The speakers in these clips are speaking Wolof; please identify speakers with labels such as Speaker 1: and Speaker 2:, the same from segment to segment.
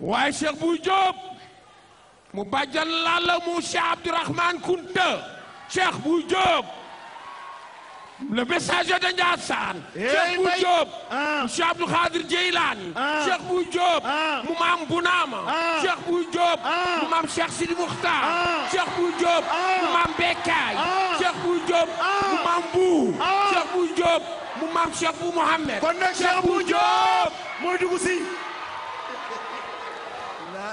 Speaker 1: waaye Cheikh Bouy Diop mu bàjjan lalla mu Cheikh Abdourahmane Kounta Cheikh Bouy Diop le messager de Ndiassane eh, Cheikh Bouy Diop ah. mu Cheikh Abdou Khadir Jeylani ah. Cheikh Bouy ah. mu maam Bounama Cheikh Bouy Diop mu maam Cheikh Sidi Moukhtar Cheikh Bouy Diop mu maam Bekkaay Cheikh Bouy Diop mu maam Bou Cheikh Bouy Diop mu maam Cheikh Bou Mouhamed kon nag Cheikh Bouy Diop mooy dugg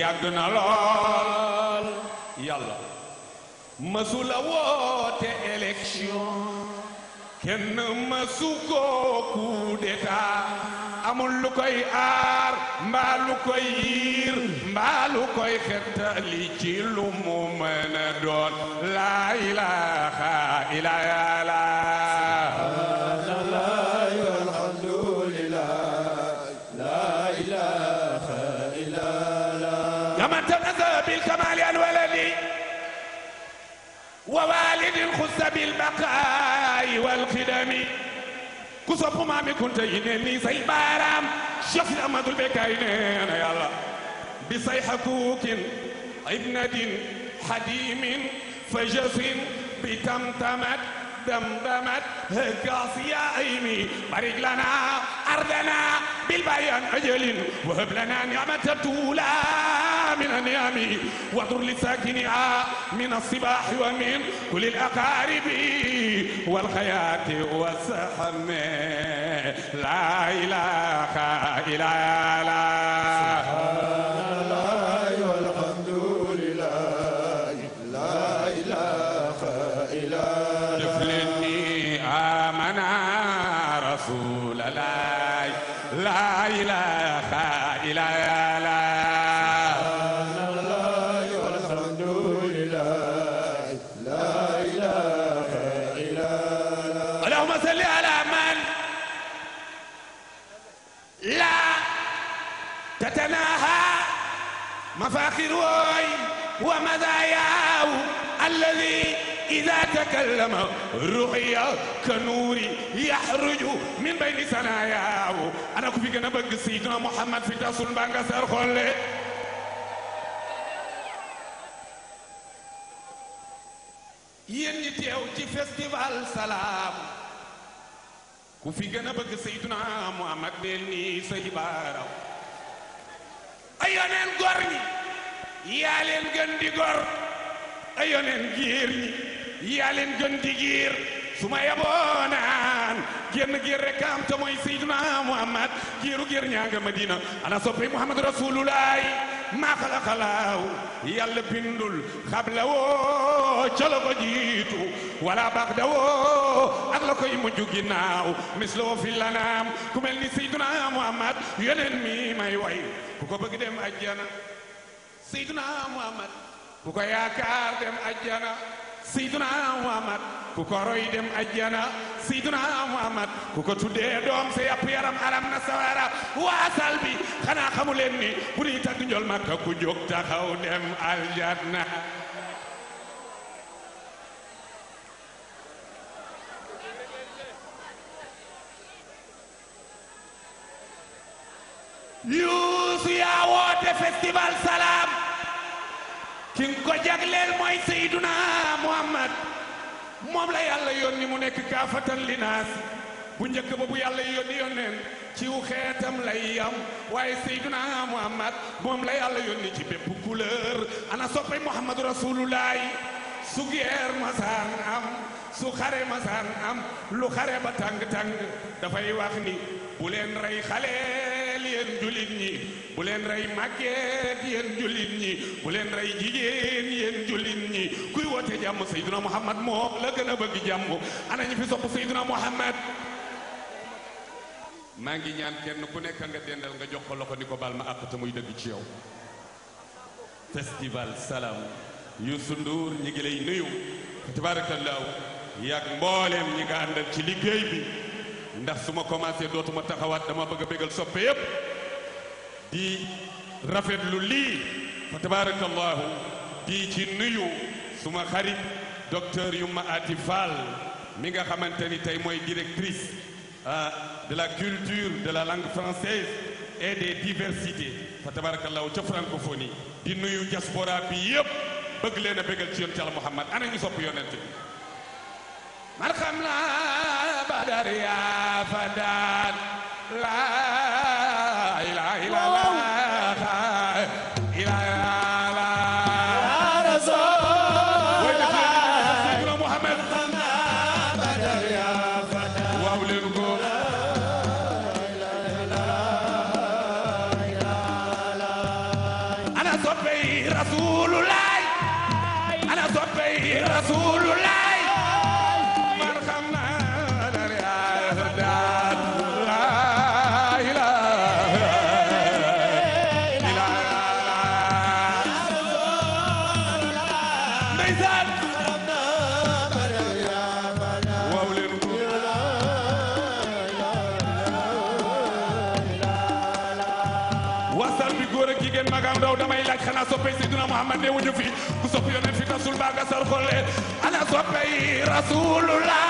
Speaker 1: yàgg na lool yàlla masula woote élection kenn masu ko coup d'état amul lu koy aar mbaa lu koy yiir mbaa lu koy xettali ci lu mu mën a doon laa ilaaha illallaah ووالد خص بالبقاء والخدم ku sopp maami kunta yi ne nii say baaraam chef yi amadul bekkaay nee na yàlla bi say xakuukin ibnadin xadimin fajasin bi tamtamat damdamat gaasiya aymi barik lana ardana bilbayan ajalin wahab lana nicmata tuula من أنيامي واضر لساكنها من الصباح ومن كل الأقارب والخيات والسحم لا إله إلا الله ruxiya ka nuuri yaxruju min bayni sanayaahu ana ku fi gën a bëgg Seydina Muhammad fi tasul mbaa nga xolle yéen ñi teew festival salaam ku fi gën bëgg Seydina Muhammad del ni sa ibaaraw ay yoneen gor ñi yaa leen gën di gor ay yoneen géer ñi yaa leen gën di giir su ma yaboonaan génn giir rek am te mooy Seydina Muhammad giiru giir ñaanga Madina ana soppi Muhammad Rasulullaay maa xalaxalaaw yàlla bindul xabla woo ca la ko jiitu wala baxda woo ak la koy mujj ginnaaw misla woo fi lanaam ku mel ni Seydina Muhammad yeneen mi may way ku ko bëgg dem ajjana Seydina Muhammad ku ko yaakaar dem ajjana seyduna muhammad ku ko roy dem ajjana seyduna muhammad ku ko tuddee doom sa yàpp yaram aram na sawara waasal bi xanaa xamu leen ni bu ñuy makka ku jóg taxaw dem aljanna yuusu yaa woote festival sala ki nga ko jagleel mooy Seyduna Muhammad moom la yàlla yónni mu nekk kaafatan linaas bu njëkk ba bu yàlla yónni yónneen ci wu xeetam lay yam waaye Seyduna Muhammad moom la yàlla yónni ci bépp couleur ana soppay Muhammadu Rasulullaay su geer masaan am su xare masaan am lu xare ba tàng-tàng dafay wax ni bu leen rey xale màggal yéen ñi bu leen rey màgget yéen jullit ñi bu leen rey jigéen yéen jullit ñi kuy woote jàmm Seydina Muhammad moom la gën a bëgg jàmm ana ñu fi sopp Seydina Muhammad maa ngi ñaan kenn ku nekk nga dendal nga jox ko loxo ni ko baal ma àq te dëgg ci yow festival salaam Youssou Ndour ñi ngi lay nuyu tabaarakallaahu yaag mbooleem ñi nga àndal ci liggéey bi ndax su ma commencé dootuma taxawaat dama bëgg a bégal soppe yëpp di rafetlu lii fa tabarakallahu di ci nuyu suma xarit docteur Yuma Ati Fall mi nga xamante ni tey mooy directrice euh, de la culture de la langue française et des diversités fa tabarakallahu ca francophonie di nuyu diaspora bi yëpp bëgg leen a bégal ci yonent Yàlla Muhammad ana ñu sopp yonent bi marxam la badar ya fadan la soppey Seydina Muhammad ne wuñu fi ku sopp yonent fi tasul baa nga sar xolle ana soppey rasulullah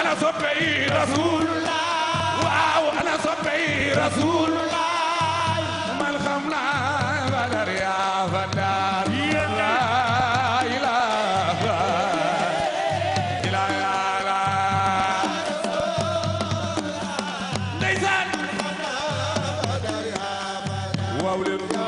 Speaker 1: ana soppey rasulullah waaw ana soppey rasulullah mal xam na badar ya badar waaw leen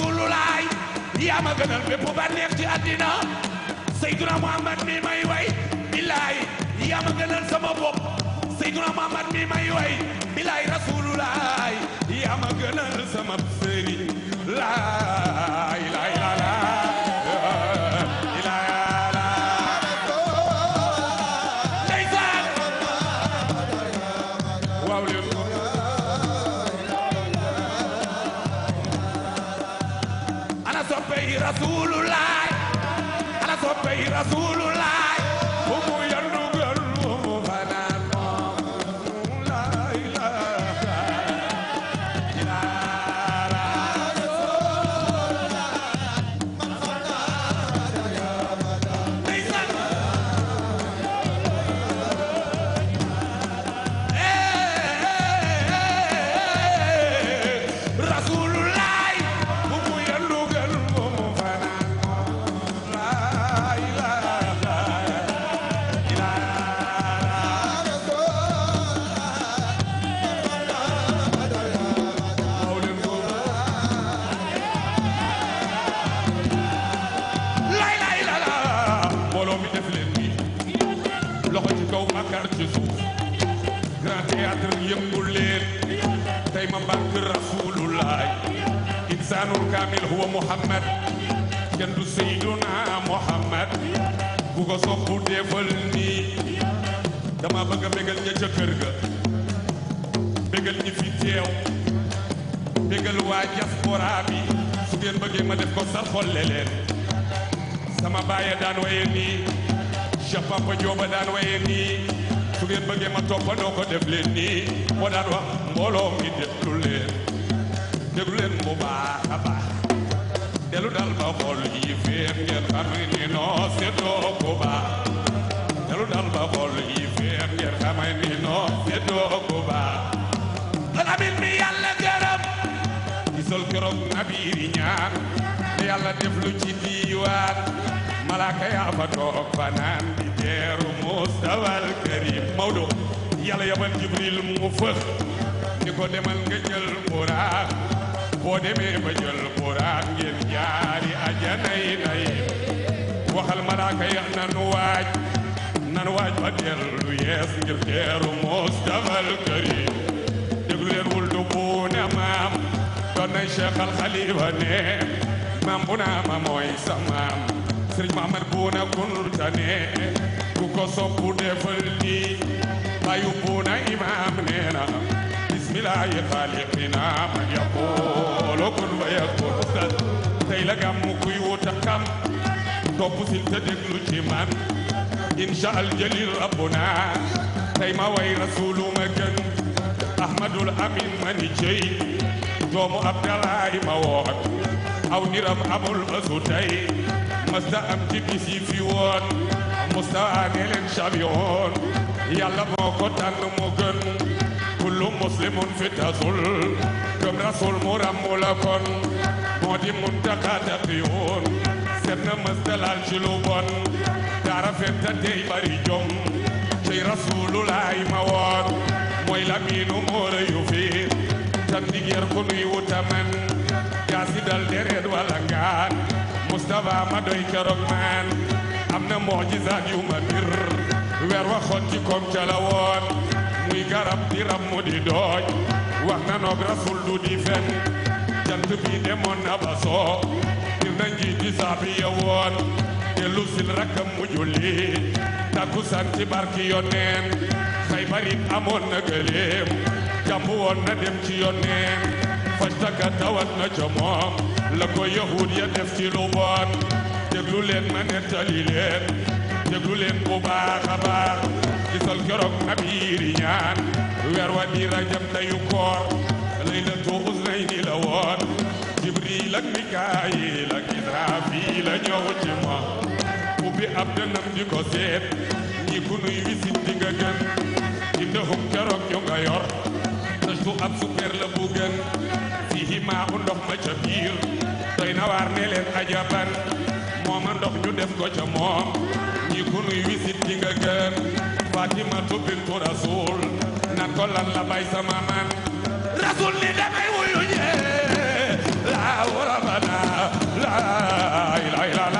Speaker 1: rasulullaay yaa ma gënal bépp bànneex ci àddina Seyduna Muhammad mi may way billaay yaa ma gënal sama bopp Seyduna Muhammad mi may way billaay rasulullaay yaa ma gënal sama sëriñ laay laay bu defal nii dama bëgg a kër ga bégal ñi fi teew bégal waa diaspora bi su ngeen bëggee ma def ko sar leen sama baaya daan waye nii Cheikh Papa Jooba daan waye nii su ngeen bëggee ma toppandoo ko def leen nii moo daan wax mbooloo mi déglu leen déglu leen bu baax baax delu dal ba xol yi feex ngeen xam ni noo seddoo ku baax dal ba xol yi feex ngeen xam ni noo seddoo ku baax mi yàlla gërëm gisal keroog nabiiri ñaan te def lu ci diiwaan malaaka yaa fa toog fanaan di teeru mustawal karim mawdo yàlla yabal jibril mu fëx ni ko demal nga jël muraax boo demee ba jël quraan ngeen jaari ajanay nay waxal malaaka ya nanu waaj nan waaj ba dellu yees ngir teeru mustafal karim déglu leen wul du buuna maam doon nay cheikh al xalifa ne maam bu naa ma mooy sa maam sëriñ Mahamad buuna kuntane ku ko soppu defal di bayu buuna imaam nee بسم الله خالقنا من يقول كن ويكون tey la gàmm kuy wut a xam topp ci man incha al jalil rabbuna tey ma way rasulu ma gën ahmadul amin ma ni cey doomu abdalaay ma woon aw niram amul bésu tey masta am ci bis yi fi woon musta ne leen champion yàlla moo ko tànn mu gën كل مسلم فتاة كم رسول مرملك مودي منتقى تقيون سبنا مستلال جلوبون تعرف انت تي بري جم تي رسول الله موان موي لامين مور يوفي تندي يركن يوتمن جاسي دال دريد ولا غان مصطفى ما دوي كروك مان امنا معجزات يوم بير وير وخوتي كوم جلاوان muy garab di rab mu di dooj wax na noog rasul du di fen jant bi demoon na ba soo na njiit yi saabiya woon te sil rakkam mu julli takkusaan ci barki yoneen Xaybar it amoon na gëléem jàmb na dem ci yoneen fajtaka tawat na ca moom la ya def ci lu bon leen ma nettali leen leen bu baax baax gisal keroog ab yiir ñaan weer wa di rajab dayu koor laylatu usnayni la woon jibril ak mikaayil ak israafil la ñëw ci ma ubbi ab dënam di ko seet ñi ku nuy wisit di nga gën indahum keroog ñu nga yor su ab super la bu fiihi maa u ndox ma ca biir doy na waar ne leen ajaban mooma ndox ñu def ko ca moom ñi ku wisit di nga Fatimatu bintu Rasul nan ko lan la bay sama man Rasul ni demay wuyu ñe la warabana la ilaha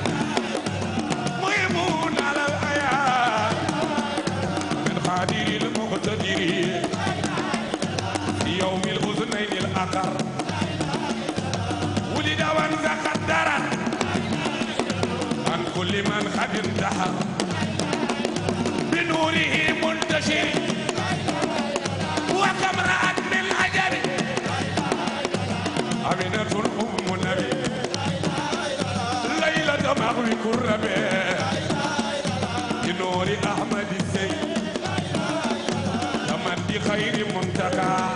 Speaker 1: لمن قد انتهى بنوره منتشر وكم رأت من عجب أمنة أم نبي ليلة مغرق الربيع بنور أحمد السيد لمن بخير منتقى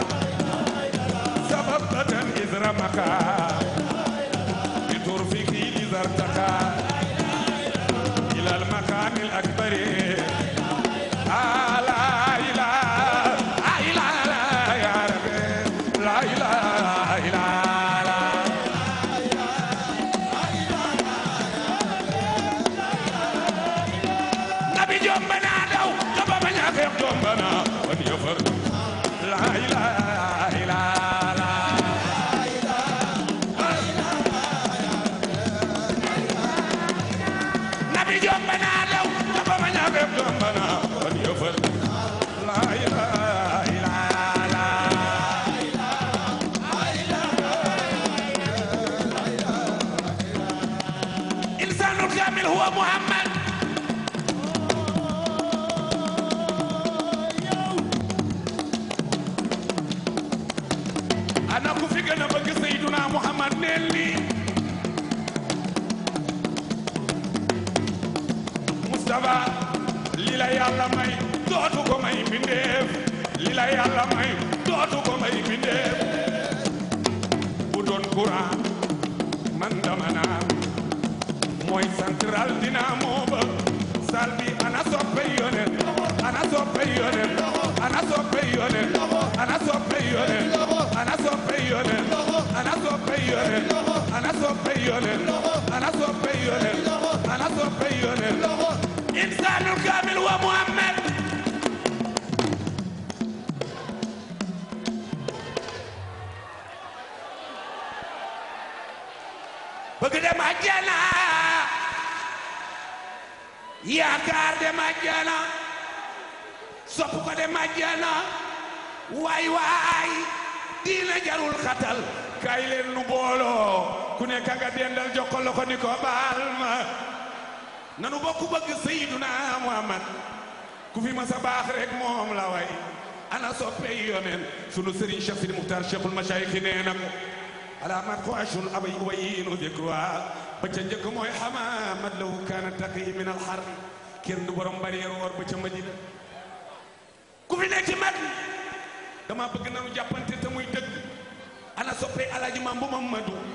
Speaker 1: سببت إذ رمقا yoneen ana soppe yoneen ana soppe yoneen insaanul kaamil wa muhammad bëgg dem àjjana yaakaar dem àjjana sopp ko dem àjjana waay waay diina jarul xatal kay leen nu booloo ku ne ka nga dendal jox baal ma nanu bokku bëgg Seyduna Muhammad ku fi masa baax rek moom la way ana soppe yoneen sunu sëriñ Cheikh Sidi Muxtaar Cheikhul Machaayikh nee na ko alaamat ko ashul abay wayinu dikruha ba ca njëkk mooy xamaamat law kaana taqi min al xarb kenn du borom barrière woor ba ku fi nekk ci dama bëgg nanu jàppante te dëgg ana soppe alaaji Maam bu Mamadu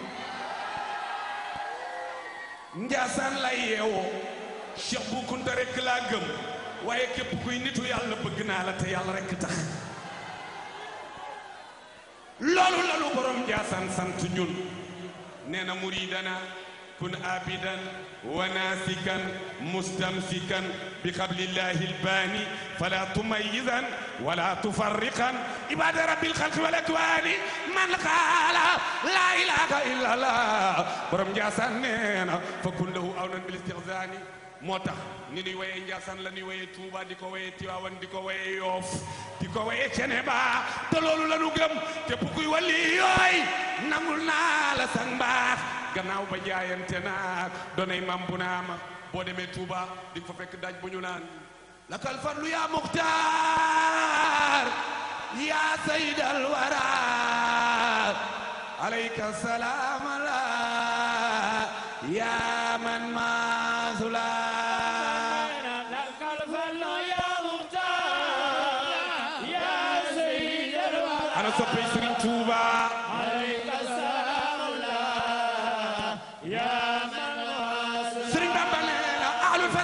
Speaker 1: njaasaan lay yeewoo Cheikh Bou rekk laa gëm waaye képp kuy nitu yàlla bëgg naa la te yàlla rekk tax loolu lalu borom njaasaan sant ñun nee na kun abidan وناسكا مستمسكا بقبل الله الباني فلا تميزا ولا تفرقا عباد رب الخلق والاكوان من قال لا اله الا الله برم جاسان نينا فكن له اونا بالاستغزان moo tax ni nuy woyee Njaasaan la nuy woyee Tuuba di ko woyee Tiwaawan di ko woyee Yoof di ko woyee Ceneba te loolu la nu gëm te bu kuy walli yooy nangul naa la sang mbaax gannaaw ba jaayante naak donay mam bu naama boo demee tuuba di fa fekk daj bu ñu naan lakal farlu yaa muxtaar yaa saydal wara alayka salaam la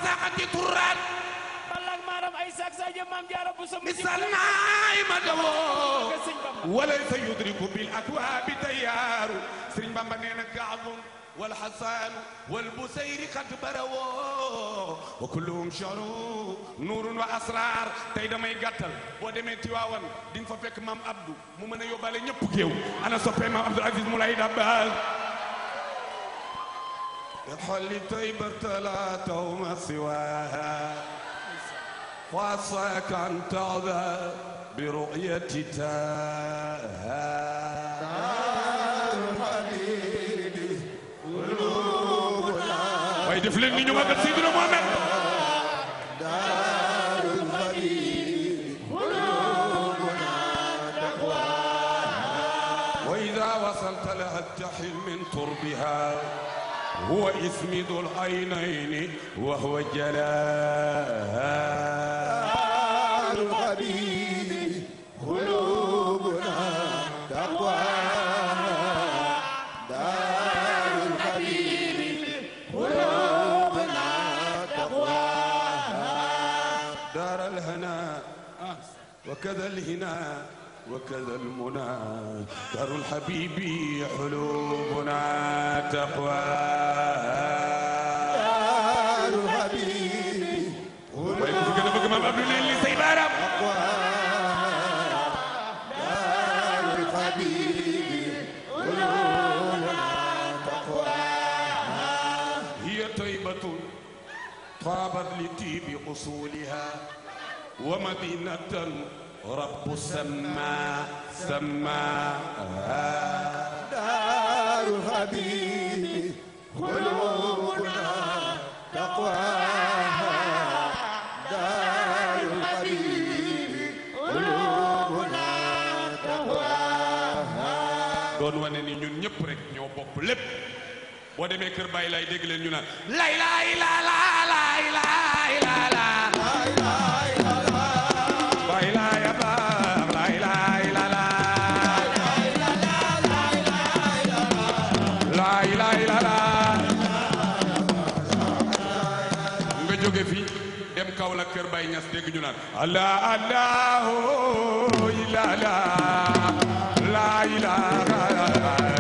Speaker 1: saxati turaan balak maram ay sax sa jëm maam jaara bu sa misal naay ma dawoo walay sa yudriku bil akwabi tayaaru sëriñ bamba nee na gaabun wal xasaanu wal busayri xat barawoo wa kulluhum charu wa asraar tey damay gàttal boo demee Tiwaawan fa fekk maam Abdou mu mën a yóbbaale ñëpp géew ana soppee maam Abdou Aziz Moulay Dabbas لحل طيبة لا توم سواها وعساك أن تعذى برؤية تاها waaye def leen ni ñu magal Seydina Mohamed وإذا وصلت لها التحل من تربها هو اسم ذو العينين وهو جلال الغريب قلوبنا تقوى دار الحبيب قلوبنا تقوى دار الهنا وكذا الهنا وكذا المنى دار الحبيب حلوبنا تقوى دار الحبيب هي طيبة طابت لطيب أصولها ومدينة رب سما سما دار الحبيب قلوبنا تقواها doon wane ni ñun ñëpp rek ñoo bokk lépp boo demee kër Baay lay dégg leen ñu naan laa ilaaha illallaah nga jóge fi dem Kaolack kër Baye Niass dégg ñu naan allah allahu ilaaha laa ilaaha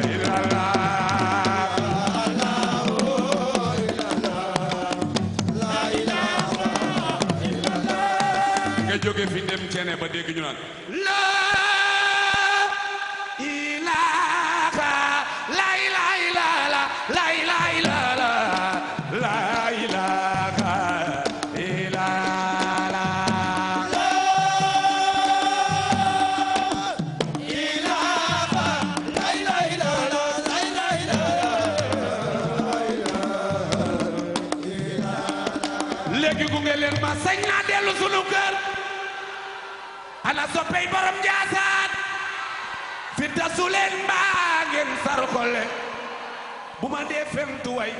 Speaker 1: jóge fi dem ceene ba dégg ñu naan kër gi gunge leen ma sañ naa dellu sunu kër ana soppey borom njaasaan fi tasu leen mbaa ngeen sarxole bu ma dee femtu way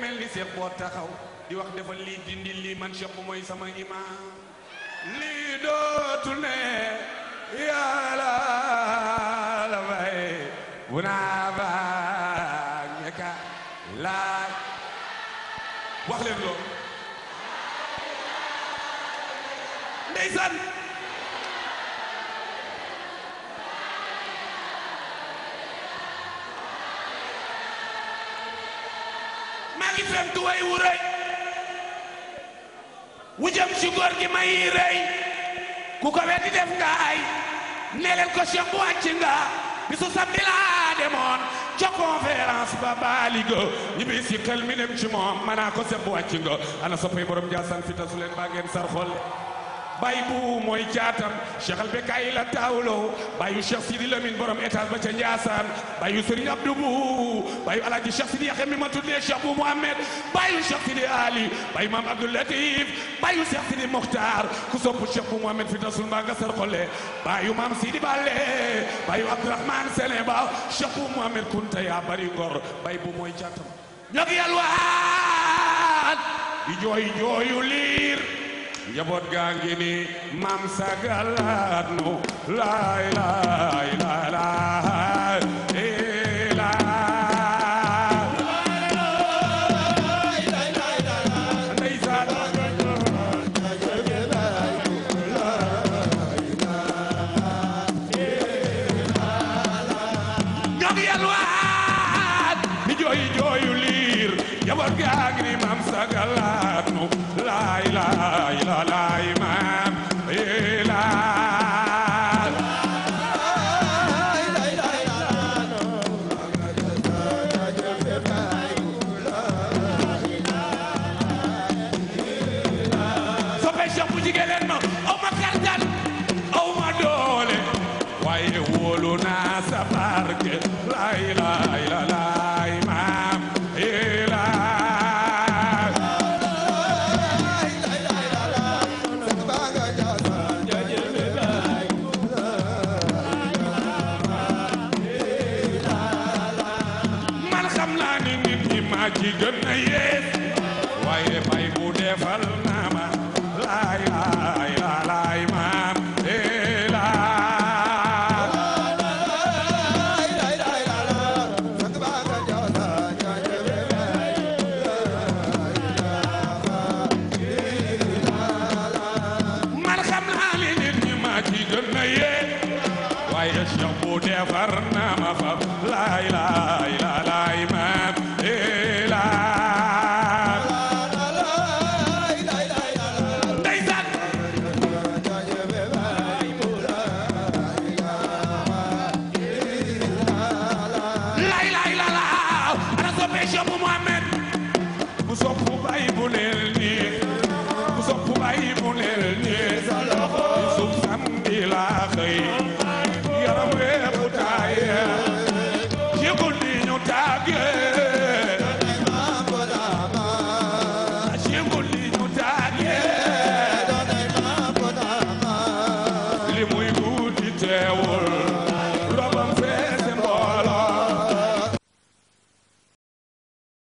Speaker 1: mel ni seex boo taxaw di wax defal lii dindi lii man seex bu sama imaam lii dootu ne yàlla la bay bu naa ndeysaan maa ngi fem way wu rëy wu jëm ci góor gi may rëy ku ko weddi def nga ay ne leen ko sembu wàcc nga bisu samedi laa demoon ca conférence ba baaliga ñibbi si xel mi dem ci moom manaa ko sembu wàcc nga ana soppay borom jaasaan fi tasu leen baa ngeen sar xolle bay bu a jaatam Cheikh Albekaay la taawloo bayu Cheikh Sidi Lamine borom étage ba ca Ndiassane bayu Serigne Abdou Bu bayu Alaaji Cheikh Sidi mi ma tuddee Cheikh bu Mohamed bayu Cheikh Sidi Ali bayu maam Abdoul Latif bayu Cheikh Sidi Mokhtar ku sopp Cheikh bu Mohamed fi tasul mbaa nga sar xole bayu maam Sidi Bale bayu Abdourahmane Sene Ba Cheikh bu Mohamed Kunta yaa bari ngor bay bu mooy jaatam ñoo ngi yalwaan di jooy jooyu njaboot gaa ngi ni maam sagalaat nu laay laay laay wóolu naa sa barke la ilaha illa